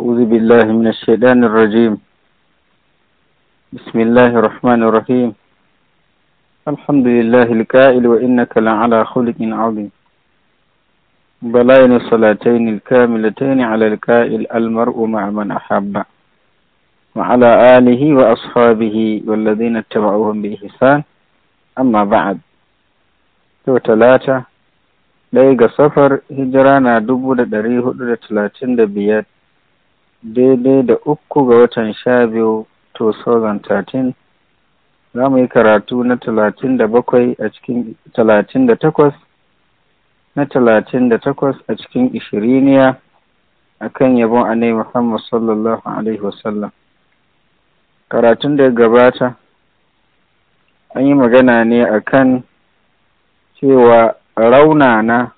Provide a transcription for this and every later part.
أعوذ بالله من الشيطان الرجيم بسم الله الرحمن الرحيم الحمد لله الكائل وإنك لعلى خلق عظيم بلاين الصلاتين الكاملتين على الكائل المرء مع من أحب وعلى آله وأصحابه والذين اتبعوهم بإحسان أما بعد تو ثلاثة صفر هجرانا safar hijira na dubu da daidai da uku ga watan sha biyu 2013 za mu yi karatu na talatin da bakwai a cikin talatin da takwas na talatin da takwas a cikin ishiriniya a kan yabon anai muhammad sallallahu alaihi wasallam karatun da gabata an yi magana ne a kan cewa raunana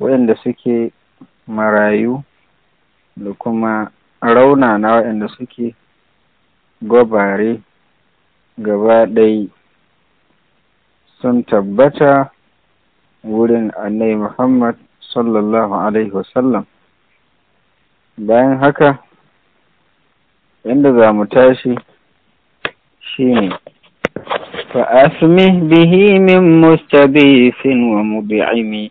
waɗanda suke marayu da kuma rauna na waɗanda suke gwabare gaba ɗai sun tabbata wurin annai Muhammad sallallahu Alaihi wasallam. Bayan haka, inda za mu tashi shi ne, fa'asmi bihi min mustabifin wa mubi'imi.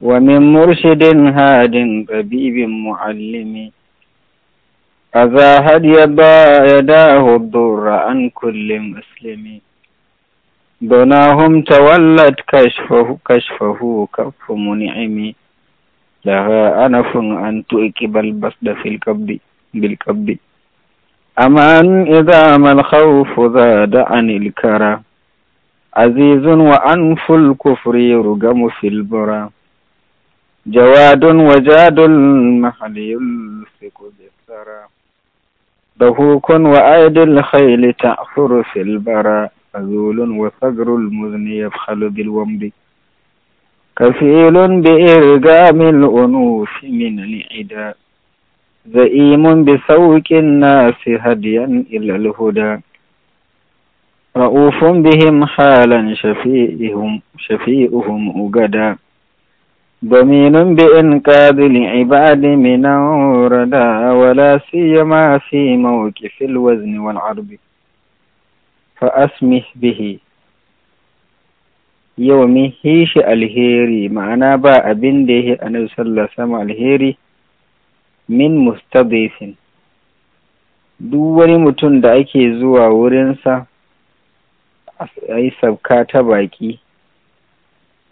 ومن مرشد هاد طبيب معلم أذا يبا يداه الضر عن كل مسلم دناهم تولت كشفه كشفه كف منعم لها أنف أن تؤكب البسد في الكب بالكب أمان إذا ما الخوف زاد عن الكرى عزيز وأنف الكفر يرجم في البرى جواد وجاد المحلي يمسك بالثرى ضهوك وأيد الخيل تأخر في البرى فذول وفجر المذن يبخل بالومد كفيل بإرقام الأنوف من العدا زئيم بسوك الناس هديا إلى الهدى رؤوف بهم حالا شفيئهم شفيئهم أجدا ضمير بإنقاذ العباد من وردى ولا سيما في موقف الوزن والعرب فأسمه به yawami shi alheri ma'ana ba abinda da yake annabi sallallahu alaihi alheri min mustadifin duk wani mutum da ake zuwa wurinsa a yi sabka ta baƙi.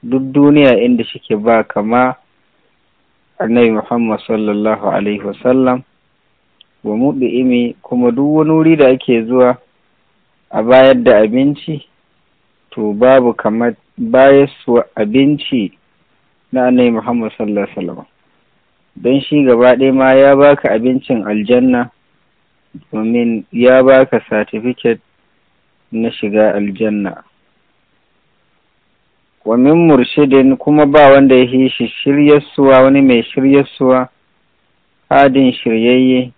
duk duniya inda shike ba kama annabi Muhammad sallallahu alaihi wasallam wa muɗi'imi kuma duk wani wuri da ake zuwa a bayar da abinci to babu kamar bayar su abinci na annabi Muhammad sallallahu alaihi don shi gaba ɗaya ma ya baka abincin aljanna domin ya baka satifiket na shiga aljanna wa min murshidin kuma ba wanda ya shi shiryarsuwa wani mai shiryarsuwa hadin shiryayye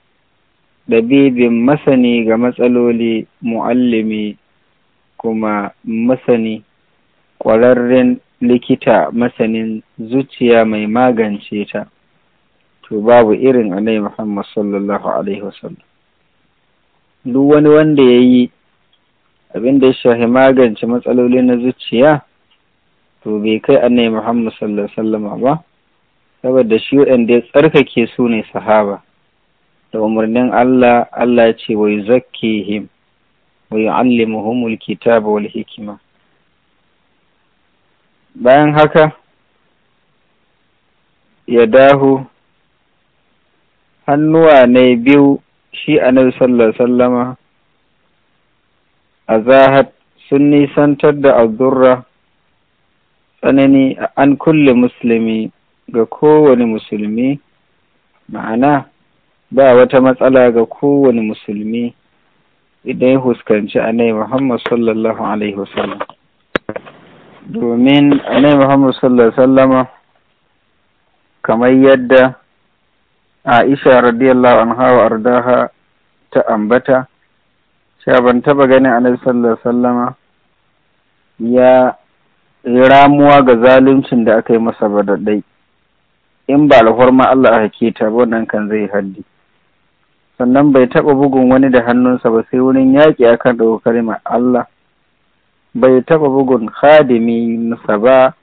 da bibin masani ga matsaloli mu'allimi kuma masani ƙwararren likita masanin zuciya mai magance ta to babu irin anai muhammad sallallahu alaihi wasallam duk wani wanda ya yi abin da ya shafi magance matsaloli na zuciya to bai kai annai muhammad sallallahu sallama ba saboda shi waɗanda ya tsarkake su ne sahaba da umarnin Allah Allah ce wai zakkihim wa yu'allimuhumul kitaba wal hikima bayan haka ya dahu hannuwa ne biyu shi annabi sallallahu sallama a zahat sun nisantar da abdurra tsanani an kulle musulmi ga kowane musulmi ma'ana ba wata matsala ga kowane musulmi idan ya huskanci anai muhammad sallallahu alaihi wasallam domin anai muhammad sallallahu alaihi kamar yadda aisha radiyallahu anha wa ardaha ta ambata cewa ban taba ganin anai sallallahu alaihi ya ramuwa ga zaluncin da aka yi masa ba daɗai in ba alfarma Allah a ta, ba wannan kan zai haddi sannan bai taɓa bugun wani da hannunsa ba sai wurin yaƙi akan ɗaukar ma Allah bai taɓa bugun hadiminsa ba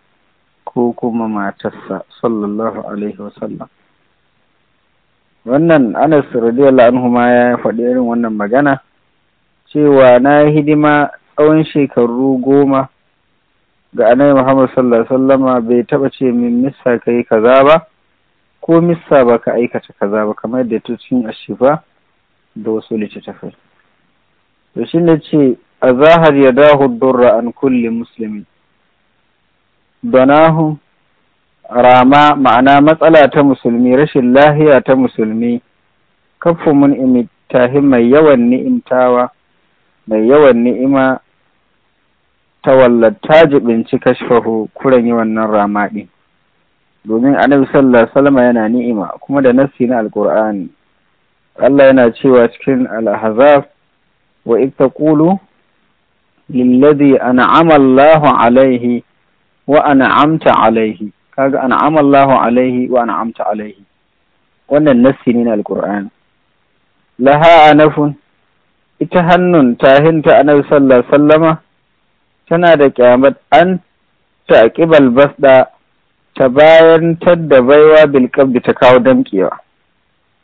ko kuma matarsa sallallahu alaihi wasallam wannan anas radiyallahu anhu ma ya faɗi irin wannan magana cewa na hidima tsawon shekaru goma ga annabi Muhammad sallallahu alaihi wasallama bai taba ce min missa kai kaza ba ko missa ba ka aikata kaza ba kamar da ta cin ashifa da wasu littattafai to shi ne ce a zahar ya dahu durra an kulli musulmi banahu rama ma'ana matsala ta musulmi rashin lahiya ta musulmi kafu mun imitahi mai yawan ni'imtawa mai yawan ni'ima tawallat ta jibinci kashfahu kuren yi wannan rama domin annabi sallallahu salama yana ni'ima kuma da nassi na alqur'ani Allah yana cewa cikin al-ahzab wa ittaqulu lilladhi an'ama Allahu alaihi wa an'amta alaihi kaga an'ama Allahu alaihi wa an'amta alaihi wannan nassi ne na alqur'ani laha anafun ita hannun tahinta annabi sallallahu sallama tana da ƙyamar an taƙibal basɗa ta bayan da baiwa bilkabdi ta kawo damƙewa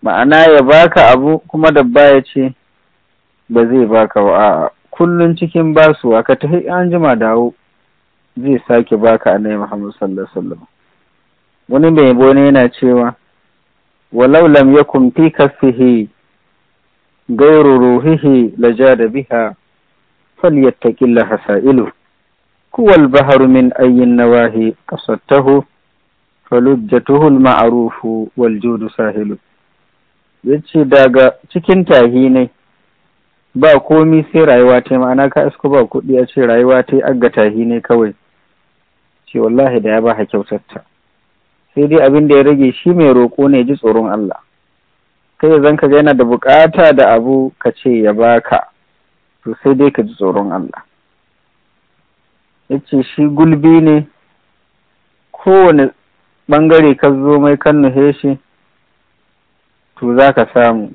ma'ana ya baka abu kuma dabba ya ce ba zai baka ba a'a kullum cikin basuwa ka tafi an jima dawo zai sake baka annabi muhammadu sallallahu alaihi wasallam wani mai bone yana cewa walau lam yakun fi kasfihi gairu ruhihi lajada biha فليتق الله سائله كوى البحر من أي النواهي قصدته فلجته المعروف والجود ساهل yace daga cikin tahi ne ba komi sai rayuwa ta ma'ana ka isko ba kuɗi a ce rayuwa ta agga tahi ne kawai ce wallahi da ya ba ha kyautarta sai dai abin da ya rage shi mai roƙo ne ji tsoron Allah kai zan ka ga yana da bukata da abu ka ce ya baka to sai dai ka ji tsoron Allah ya ce shi gulbi ne kowane bangare ka zo mai kan nuhe shi to za ka samu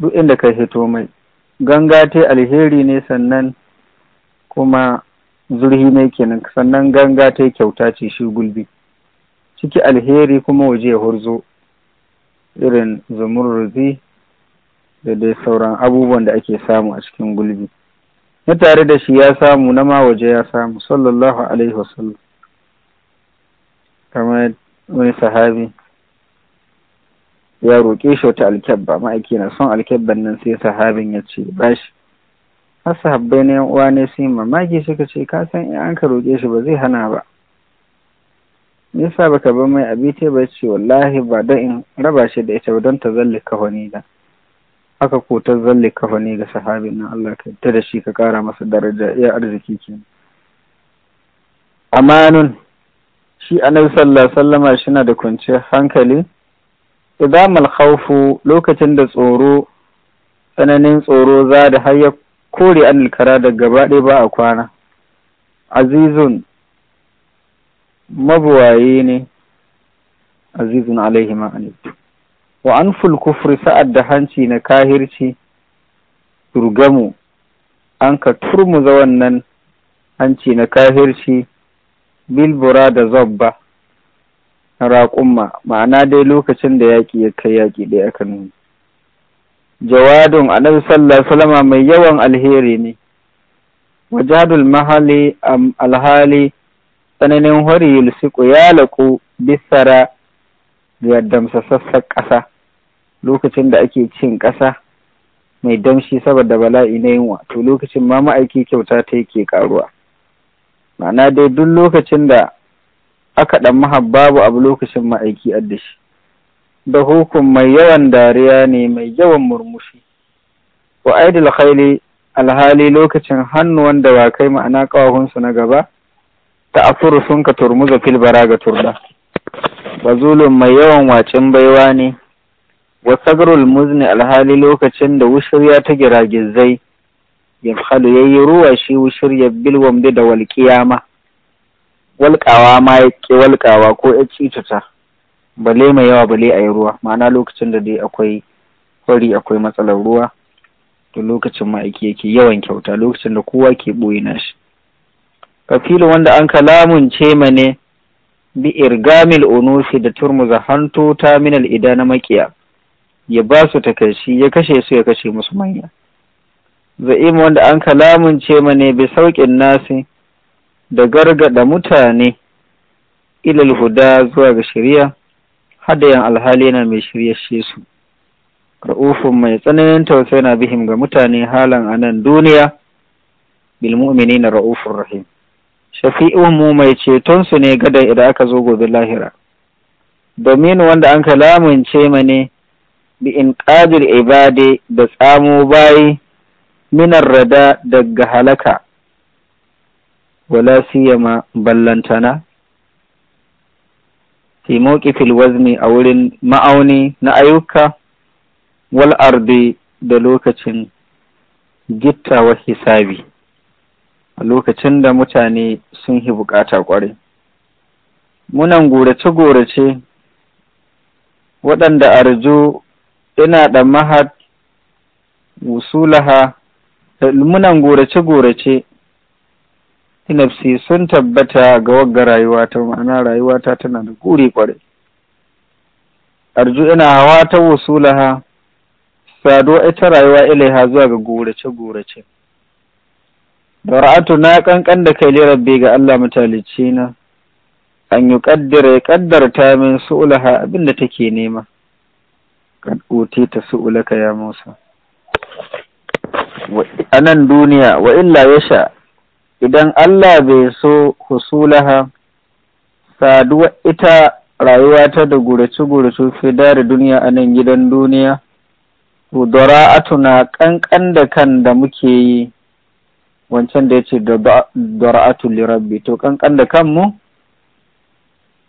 duk inda ka hito mai ganga ta alheri ne sannan kuma zurhi ne kenan sannan ganga ta kyauta ce shi gulbi ciki alheri kuma waje ya hurzo irin zumurruzi da dai sauran abubuwan da ake samu a cikin gulbi na tare da shi ya samu na ma waje ya samu sallallahu alaihi wasallam kamar wani sahabi ya roƙe shi wata alkyabba ma'aiki na son alkyabban nan sai sahabin ya ce ba shi har habbai na uwa ne sun yi mamaki suka ce ka san in an ka roƙe shi ba zai hana ba me yasa baka ba mai abite ba ce wallahi ba don in raba shi da ita ba don ta zalli wani da aka ko ta zalle ne ga sahabin nan Allah ka yarda da shi ka kara masa daraja iya arziki kenan amanun shi annabi sallallahu alaihi wasallama shina da kwanciyar hankali idan khawfu lokacin da tsoro tsananin tsoro za da har ya kore an kara da gaba ɗaya ba a kwana azizun mabuwaye ne azizun alaihi ma'anitu wa an kufri sa'ad da hanci na kahirci turgamu an ka turmuza wannan hanci na kahirci bilbura da zobba na raƙumma ma'ana dai lokacin da yaƙi ya kai yaƙi ɗaya aka nuna jawadun annabi sallallahu alaihi mai yawan alheri ne wajadul mahali am alhali tsananin hori yulsiku ya laƙu bisara ga sassa ƙasa lokacin da ake cin ƙasa mai damshi saboda bala'i na yunwa to lokacin ma ma'aiki kyauta ta yake karuwa ma'ana dai duk lokacin da aka ɗan mahababu abu lokacin ma'aiki addishi. da hukun mai yawan dariya ne mai yawan murmushi wa aidil khaili alhali lokacin hannu wanda ba kai ma'ana ƙawahunsu na gaba ta afuru sun ka turmuza filbara ga turda zulun mai yawan wacin baiwa ne wa sagrul muzni alhali lokacin da wushirya ta giragizai ya yayi ruwa shi wushirya bil da walƙiyama. walƙawa ma ya ke walƙawa ko ya cicita bale mai yawa bale a yi ruwa ma'ana lokacin da dai akwai kwari akwai matsalar ruwa to lokacin ma yake yawan kyauta lokacin da kowa ke ɓoye nashi kafilu wanda an kalamun ce mane bi irgamil Onufi da turmuza hanto ta minal ida na makiya ya ba su takaici ya kashe su ya kashe musu manya za'im wanda an kalamun kalamunce mane bi sauƙin nasi da gargada mutane ilal huda zuwa ga shari'a hadayan alhali na mai shi su ra'ufun mai tsananin tausayi na bihim ga mutane halan a nan duniya bil na ra'ufun rahim shafi'un mu mai ceton su ne gadan idan aka zo gobe lahira domin wanda an ce mane ne bi in qadir ibade da tsamo bayi minar rada daga halaka wala siyama ballantana fi mawqifil wazni a wurin ma'auni na ayyuka wal ardi da lokacin gittawa hisabi a lokacin da mutane sun hi bukata kwarai munan gorace-gorace waɗanda arju ina da mahad wusulaha da ilmunan gorace-gorace inafsi sun tabbata ga wagga rayuwata ma'ana rayuwata tana da guri kwarai arju ina hawa ta wusulaha sado ita rayuwa ilaiha zuwa ga gorace-gorace bara'atu na kankan da kai rabbi ga Allah mutalicci na an yi kaddara ya ta min su'ulaha abinda take nema ta su ulaka, ya Musa a nan duniya wa illa ya sha idan Allah bai so husulaha saduwa ita rayuwa ta da gurace-gurace fida da duniya anan gidan duniya dura'atu na kankan da kan da muke yi wancan da ya ce dura'atu lirabbi to kankan da kanmu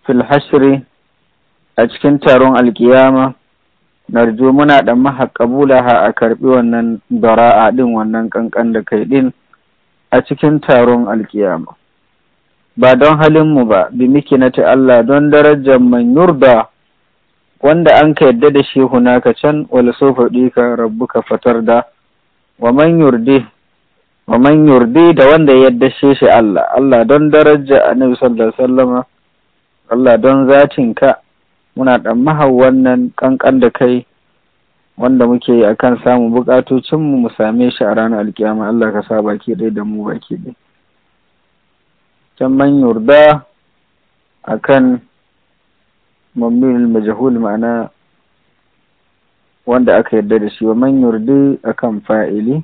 fil hashri a cikin taron alkiyama Narjo muna da maha ha a karbi wannan bara'a din wannan kankan da kai din a cikin taron alkiyama ba don halin mu ba bi ta Allah don darajar man yurda wanda an ka yadda da shi hunaka can wala so ka rabu ka fatar da wa man yurdi da wanda ya yadda shi shi Allah Allah don darajar annabi sallallahu alaihi wasallama Allah don zatin ka muna ɗan mahau wannan ƙanƙan da kai wanda muke yi akan samun buƙatocinmu mu same shi a ranar alkiyama Allah ka sa baki ɗaya da mu baki ɗaya can man yurda kan mamnunil majhul ma'ana wanda aka yarda da shi wa man yurdi kan fa'ili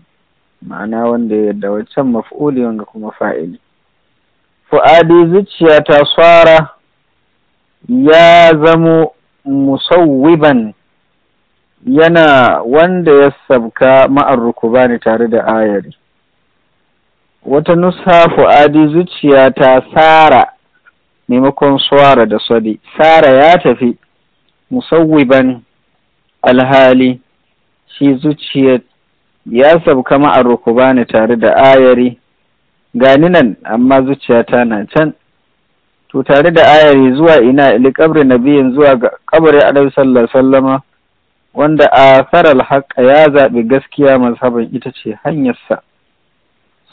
ma'ana wanda ya yarda waccan maf'uli wanga kuma fa'ili fu'adi zuciya ta tsara ya zamo musawwiban yana wanda ya sabka ma'ar rukubani tare da ayari wata nusa fu'adi zuciya ta tsara maimakon suwara da sadi tsara ya tafi musawwiban alhali shi zuciya ya sabka ma'ar rukubani tare da ayari gani nan amma zuciya ta na can to tare da ayari zuwa ina li kabri nabiyin zuwa ga kabari alaihi sallallahu sallama wanda a faral haƙa ya zaɓi gaskiya mazhaban ita ce hanyarsa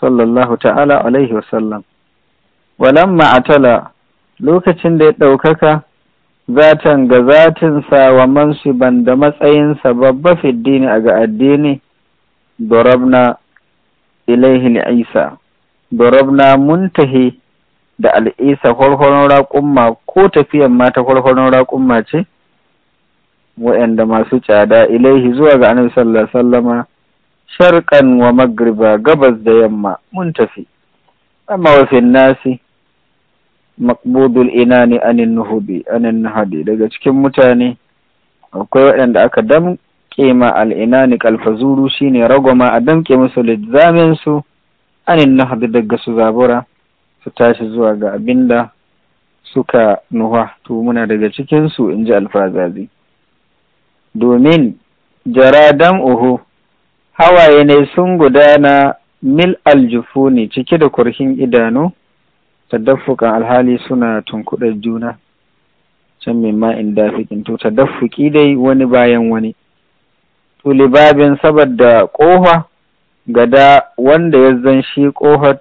sallallahu ta'ala alaihi wasallam walan ma'atala lokacin da ya ɗaukaka zatan ga zatinsa wa mansiban da matsayinsa babba fiddini a ga addini dorabna ilaihi isa dorabna muntahi da al'isa kwarkwaron raƙumma ko tafiyan mata kwarkwaron raƙumma ce wa'anda masu tsada ilaihi zuwa ga annabi sallallahu alaihi wasallama wa magriba gabas da yamma mun tafi amma wafin nasi maqbudul inani anin nuhubi anin nahadi daga cikin mutane akwai waɗanda aka damƙe ma al'inani kalfazuru shine ragoma a damƙe musu lizamin su anin nahadi daga su zabura su tashi zuwa ga abin da suka nuha to muna daga cikinsu in ji alfazazi domin jaradan uhu hawaye ne sun gudana mil aljufu ne cike da kurhin idanu tadaffukan alhali suna tunkuɗar juna can mai ma'in dafikin to tadaffuki dai wani bayan wani to libabin saboda ƙofa gada wanda ya zan shi ƙofar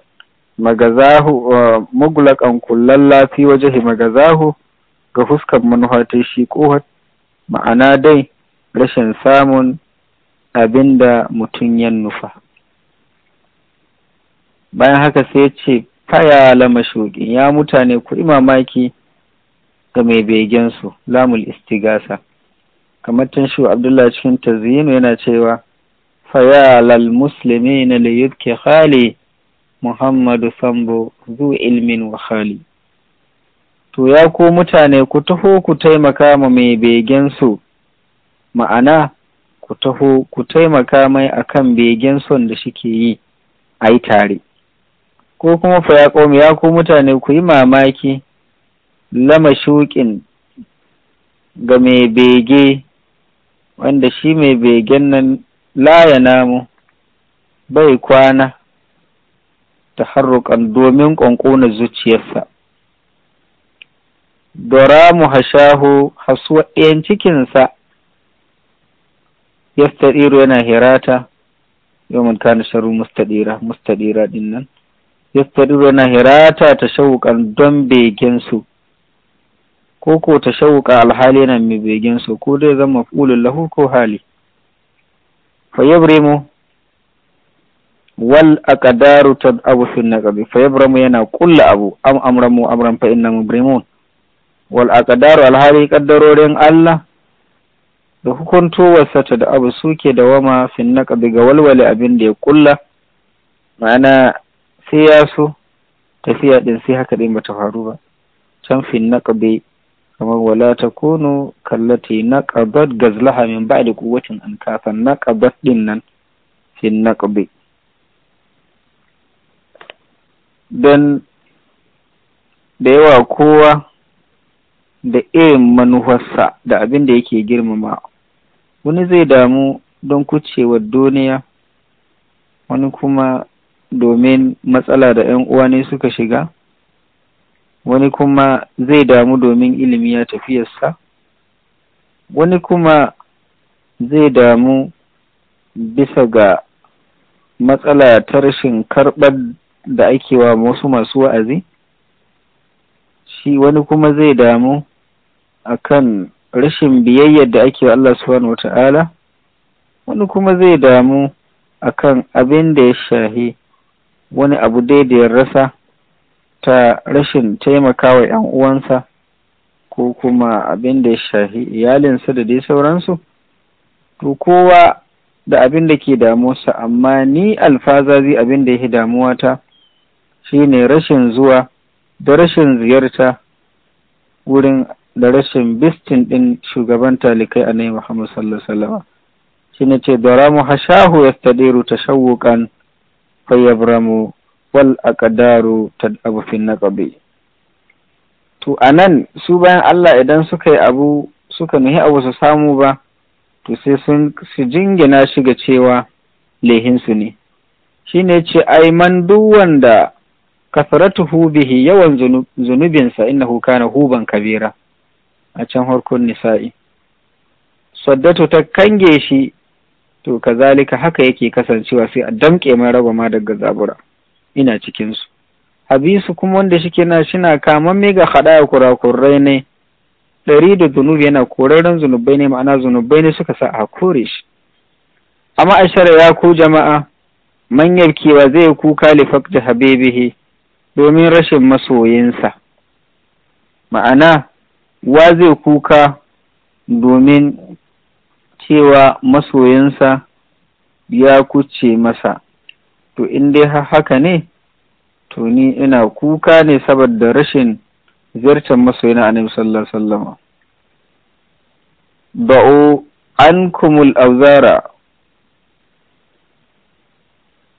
magazahu uh, mugulakan kullalla fi wajhi magazahu ga fuskan manuhatai shi kohar ma'ana dai rashin samun abinda mutum ya nufa bayan haka sai ce faya lama shuƙin ya mutane ku mamaki ga mai begensu lamul istigasa kamar tun shi abdullahi cikin tazinu yana cewa faya lal muslimi na ke khali Muhammadu Sambo zu ilmin wahali. To ya ku mutane ku taho ku taimaka ma mai begensu, ma'ana ku taho ku taimaka mai akan begen son da shike yi a yi tare. Ko kuma fa ya ƙomi ya ku mutane ku yi mamaki lama shuƙin ga mai bege wanda shi mai begen nan laya namu bai kwana. taharrukan domin ƙwanƙona zuciyarsa dora mu hashahu hasuwa ɗayan cikinsa staɗiro yana hirata mun kana sharu mustaɗira, mustaɗira ɗin nan staɗiro yana hirata ta shawukan don beginsu, ko ko ta shawuka alhali yana mai begensu ko dai zama ƙulun lahu ko hali fa yabrimu wal aqdaru tadabu fi naqbi fa yabramu yana kulla abu am amramu amran fa inna mubrimun wal aqdaru al hali qaddarorin Allah da hukuntowarsa ta da abu suke da wama fi naqbi ga walwale abin da ya kulla ma'ana sai ya so tafiya din sai haka din bata faru ba can fi naqbi kamar wala takunu kallati naqabat gazlaha min ba'di quwwatin an kafa naqabat din nan fi naqbi don da yawa kowa da irin manufarsa da abin da yake girmama wani zai damu don kucewa duniya wani kuma domin matsala da 'yan uwa ne suka shiga wani kuma zai damu domin ilimi ya tafiyarsa wani kuma zai damu bisa ga matsala ta rashin karɓar da ake wa wasu masu wa'azi shi wani kuma zai damu akan rashin biyayyar da ake wa Allah subhanahu wani kuma zai damu akan abin da ya shahi wani abu da ya rasa ta rashin taimakawa ‘yan uwansa ko kuma abin da ya shahi iyalinsa da dai sauransu to kowa da abin da ke damuwarsa amma ni alfazazi abin da ya damuwa damuwata shine rashin zuwa da rashin ziyarta wurin da rashin bistin ɗin shugaban talikai a nai Muhammad sallallahu alaihi shi ne ce daramu hashahu yastadiru tashawuqan fayabramu wal ta abufin na naqabi to anan su bayan Allah idan suka yi abu suka nuhi abu su samu ba to sai sun su jingina shiga cewa lehinsu ne shine ce ai man duk wanda kasratuhu bihi yawan zunubinsa innahu kana huban kabira a can harkun nisa'i saddatu ta kange shi to kazalika haka yake kasancewa sai a damƙe mai raba ma daga zabura ina cikinsu habisu kuma wanda shi na shina kaman me ga haɗa kurakurai ne ɗari da zunubi yana korarren zunubai ne ma'ana zunubai ne suka sa a kore shi amma ashara ya ku jama'a man kewa zai kuka lifak da habibihi domin rashin masoyinsa ma'ana wa zai kuka domin cewa masoyinsa ya kuce masa to in dai haka ne to ni ina kuka ne saboda rashin ziyartar masoyina annabi sallallahu alaihi wasallam ba'u kumul auzara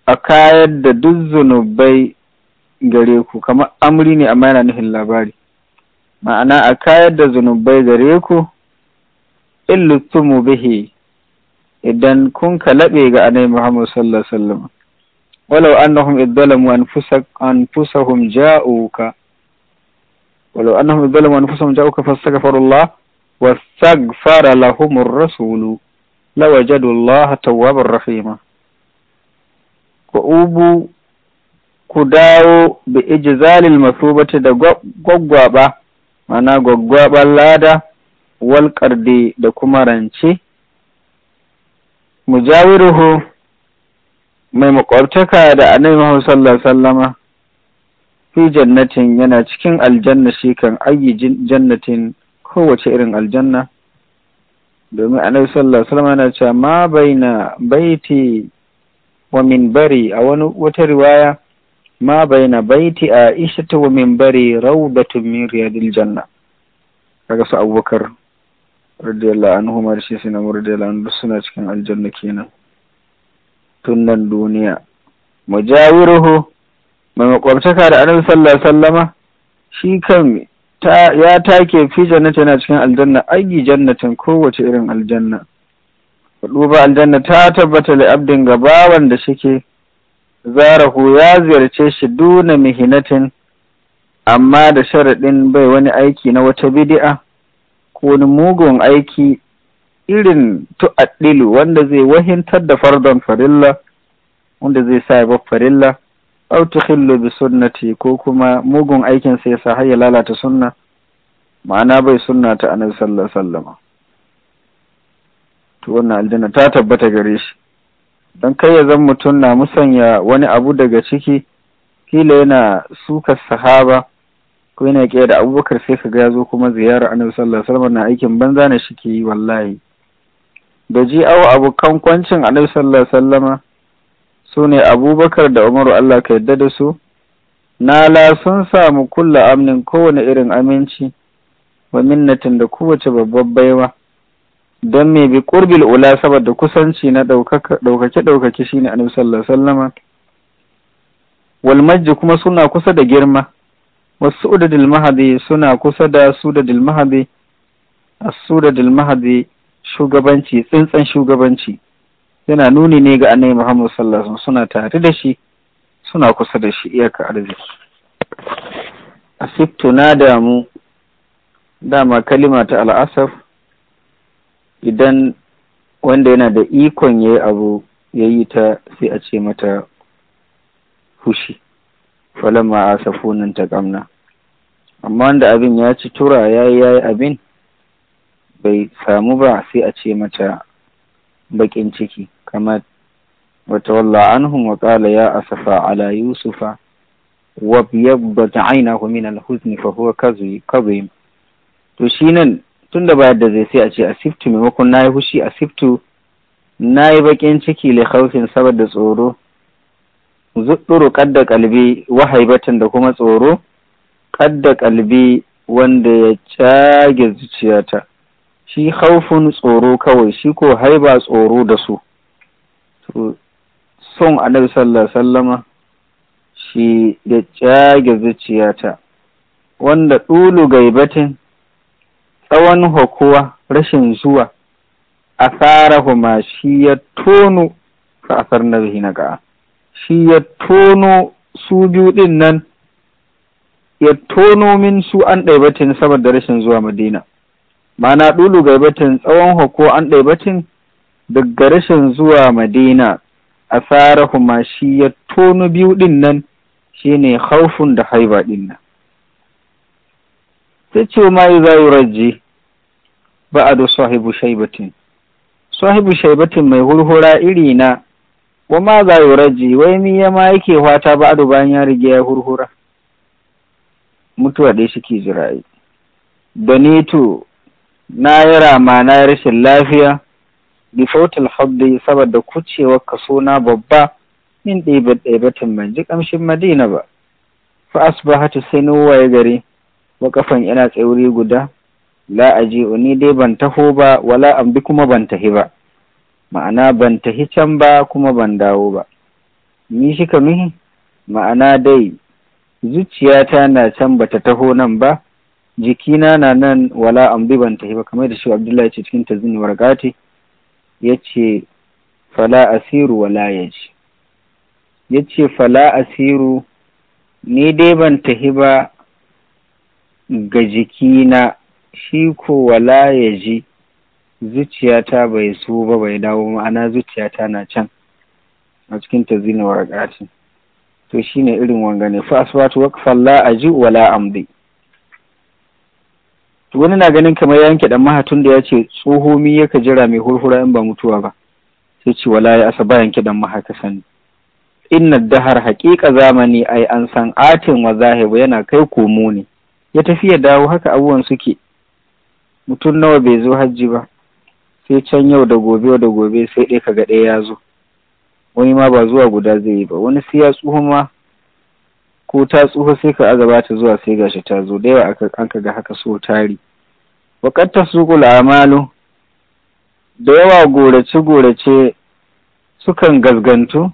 a kayar da duk zunubai gare ku kamar amri ne amma yana nufin labari ma'ana a kayar da zunubai gare ku in luttumu bihi idan kun kalabe ga annabi Muhammad sallallahu alaihi wasallam walau annahum idzalamu anfusahum ja'uka walau annahum idzalamu anfusahum ja'uka fastaghfirullah wastaghfara lahum ar-rasulu lawajadu Allah tawwabar rahima ku ubu ku dawo bi ijzalil masubati da gwaggwaba mana gwaggwaban lada wal da kuma rance mujawiruhu mai makwabtaka da annabi Muhammad sallallahu alaihi wasallama fi jannatin yana cikin aljanna shi kan ayi jannatin kowace irin aljanna domin annabi sallallahu alaihi wasallam yana cewa ma baina baiti wa minbari a wani wata riwaya ma baina baiti Aisha wa minbari rawdatun min riyadil janna kaga su Abubakar radiyallahu anhu ma shi sai Umar radiyallahu anhu suna cikin aljanna kenan tun nan duniya mujawiruhu mai makwabtaka da annabi sallallahu sallama, shi kan ta ya take fi jannati yana cikin aljanna ayi jannatin kowace irin aljanna duba aljanna ta tabbata da abdin gabawan da shike zarahu ya ziyarce shi duna mihinatin amma da sharaɗin bai wani aiki na wata bidi'a ko wani mugun aiki irin tu'addilu wanda zai wahintar da fardan farilla wanda zai sa ya farilla au tukhillu bi sunnati ko kuma mugun aikin sai sa har ya lalata sunna ma'ana bai sunna ta annabi sallallahu alaihi wasallam to wannan aljanna ta tabbata gare shi don kai ya zan mutum na musanya wani abu daga ciki kila yana suka sahaba ko yana ƙiya da abubakar sai ka ga zo kuma ziyara annabi sallallahu alaihi na aikin banza na shi ke yi wallahi da ji awa abokan kwancin annabi sallallahu alaihi su ne abubakar da umaru allah ka yadda da su nala sun samu kulla amnin kowane irin aminci wa minnatin da kowace babbar baiwa don me bi qurbil ula saboda kusanci na ɗaukake ɗaukake shine annabi sallallahu alaihi sallama, wal majji kuma suna kusa da girma wasu udadil mahadi suna kusa da sudadil mahadi as-sudadil mahadi shugabanci tsintsan shugabanci yana nuni ne ga annabi Muhammad sallallahu alaihi suna tare da shi suna kusa da shi iyaka arziki asif na damu dama kalima ta al'asaf idan wanda yana da ikon ya yi abu ya yi ta sai a ce mata fushi falama a safunan ta kamna amma wanda abin ya ci tura ya yi ya yi abin bai samu ba sai a ce mata baƙin ciki kamar wata walla anhum wa qala ya asafa ala yusufa wa biyabbat aynahu min al-huzni fa huwa kazim to shi nan tun da bayar da zai sai a ce asiftu maimakon na yi hushi asiftu na yi baƙin ciki le haufin saboda tsoro zuɗɗuru kadda kalbi wahaibatan da kuma tsoro kadda kalbi wanda ya cage zuciyata shi haufin tsoro kawai shi ko haiba tsoro da su son annabi sallallahu sallama shi ya cage zuciyata wanda ɗulu gaibatin tsawon hokuwa rashin zuwa kuma shi ya tono fa na na shi ya tono su biyu din nan ya tono min su an ɗaibatin saboda rashin zuwa madina mana ɗulu gaibatin tsawon hako an ɗaibatin daga rashin zuwa madina a kuma shi ya tono biyu ɗin nan shi ne haufun da haiba ɗin nan sai ce ma yi za yi rajji ba'adu sahibu shaibatin sahibu shaibatin mai hurhura iri na wa ma za raji wai mi ya ma yake fata ba'adu bayan ya rige ya hurhura mutuwa dai ke jira'i da ni to na yi rama na yi rashin lafiya bi fautil haddi saboda kucewa kaso na babba min ɗebe tun ban ji ƙamshin madina ba fa asbahatu sai nuwa ya gari Maƙafan kafan ina tsauri guda la aji'u ni dai ban taho ba wala ambi kuma ban tahi ba ma'ana ban tahi can ba kuma ban dawo ba ni shi ka nuhi ma'ana dai zuciyata na can bata taho nan ba jikina na nan wala an ban tahi ba kamar da shi Abdullahi ce cikin tazini wargati ce fala asiru wala Ya ce fala asiru ni dai ban tahi ba ga jikina shi ko wala ya ji zuciyata bai so ba bai dawo ma'ana zuciyata na can a cikin tazina warqati to shi ne irin wanga ne fa asbatu waqfan la aji wala amdi to wani na ganin kamar ya yanke dan mahatun da ya ce tsohomi yaka jira mai hurhura in ba mutuwa ba sai ce wala ya asa ba yanke dan mahaka sani inna dahar haƙiƙa zamani ai an san atin wa zahibu yana kai komo ne ya tafi ya dawo haka abubuwan suke mutum nawa bai zo hajji ba sai can yau da gobe da gobe sai ɗaya kaga ɗaya ya zo wani ma ba zuwa guda zai yi ba wani sai ya tsuhu ma ko ta tsuhu sai ka gabata ta zuwa sai gashi ta zo da yawa an kaga haka so tari waƙar ta amalu da yawa gorace-gorace sukan gazgantu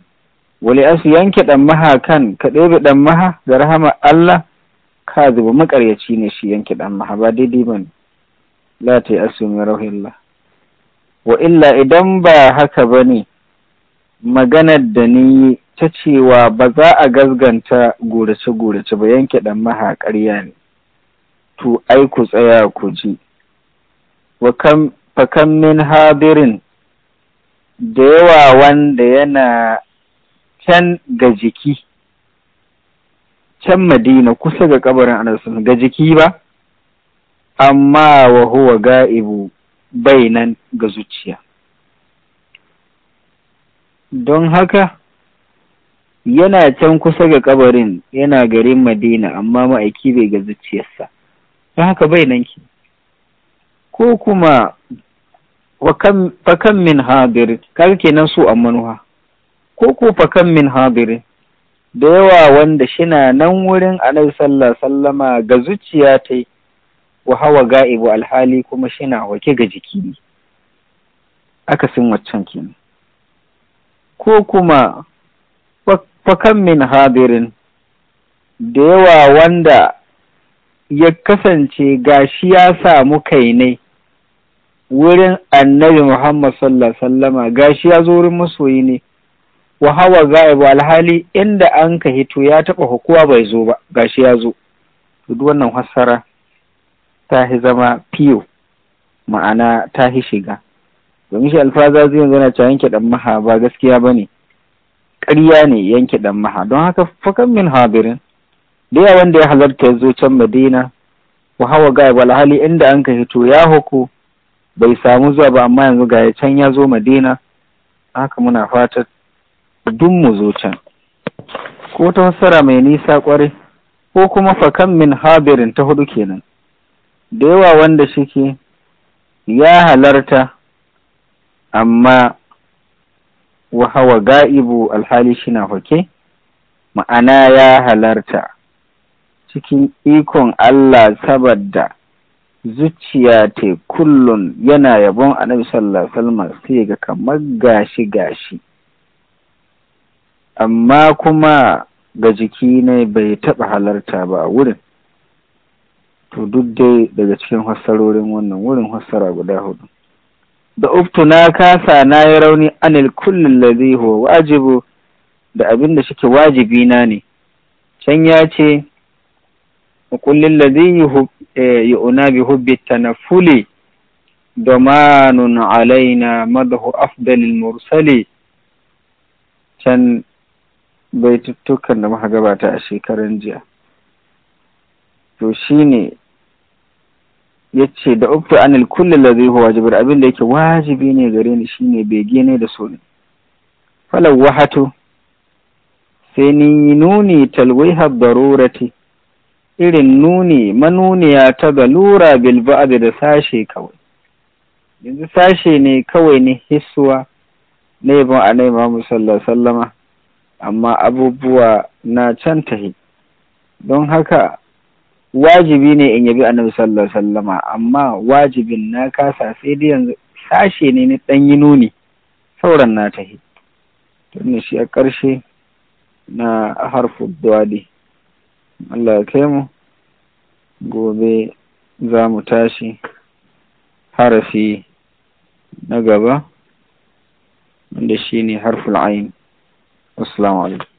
wale asu yanke ɗan maha kan ka ɗebe ɗan maha Ga rahama Allah ka zuba makaryaci ne shi yanke ɗan maha ba daidai ba ne la ta asu min wa illa idan ba haka ba ne, maganar da ni ta cewa ba za a gazganta gorace-gorace ba yanke ɗan maha ƙarya ne to ai ku tsaya ku ji fakan min hadirin da yawa wanda yana can ga jiki can madina kusa ga kabarin anasun ga jiki ba amma wa huwa ga'ibu bai nan ga zuciya don haka yana can kusa ga kabarin yana garin madina amma ma'aiki bai ga zuciyarsa don haka bai nan ki ko kuma fakan min hadir kaga kenan su a manuwa ko ko fakan min hadir da yawa wanda shina nan wurin alaihi sallama ga zuciya ta yi wa hawa ga'ibu alhali kuma shina wake ga jiki ne. akasin waccan kenan ko kuma fakan min hadirin da yawa wanda ya kasance gashi ya samu kainai wurin annabi Muhammad sallallahu sallama gashi ya zo wurin masoyi ne wa hawa ga'ibu alhali inda an ka hito ya taɓa hukuwa bai zo ba gashi ya zo duk wannan hasara. ta hi zama fiyo ma'ana ta hi shiga domin shi alfaza zai yanzu na cewa yanke dan maha ba gaskiya ba ne ƙarya ne yanke dan maha don haka fakan min habirin da yawa wanda ya halarta ya zo can madina wa hawa ga hali inda an ka hito ya hoko bai samu zuwa ba amma yanzu ga ya can ya zo madina haka muna fatar duk mu zo can ko ta fassara mai nisa kwarai ko kuma fakan min habirin ta hudu kenan da yawa wanda shike ya halarta amma wa hawa ga'ibu alhali shina hoke ma'ana ya halarta cikin ikon Allah saboda zuciya te kullun yana yabon annabi sallallahu alaihi wasallam sai ga kamar gashi gashi amma kuma ga jiki ne bai taɓa halarta ba wurin to duk dai daga cikin fassarorin wannan wurin fassara guda hudu da na kasa na yi rauni anil kullin ladhi huwa wajibu da abin da shike wajibi na ne can ya ce kullum ladhi e, una bi hubbi tanaffuli damanun alaina madahu afdalil mursali can baituttukan da muka gabata a shekaran jiya to shi ne ya ce da uktu anil kulli ladhi huwa wajib abin da yake wajibi ne gare ni shi ne bege ne da so ne falau hato, sai ni nuni Talwai Habbarorati, irin nuni manuniya ta galura bilba'ad da sashe kawai yanzu sashe ne kawai ne hissuwa na yabon anai musallar sallama amma abubuwa na can tahi don haka wajibi ne in yabi annabi sallallahu alaihi sallama, amma wajibin na kasa sai dai yanzu sashe ne na dan yi nuni sauran na tahi tunda shi a ƙarshe na harfu duwadi Allah ya kai mu gobe za mu tashi harafi na gaba wanda shine harful ain assalamu alaikum